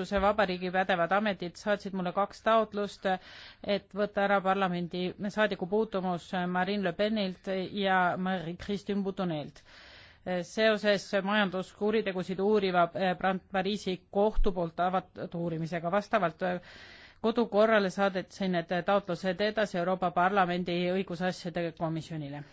Prantsuse Vabariigi pädevad ametid saatsid mulle kaks taotlust, et võtta ära parlamendi saadiku puutumus Marine Le Penilt ja Marie-Christine Boutonnelt seoses majanduskuritegusid uuriva eh, Pariisi kohtu poolt avatud uurimisega. vastavalt eh, kodukorrale saadetsin need taotlused edasi Euroopa Parlamendi õigusasjade komisjonile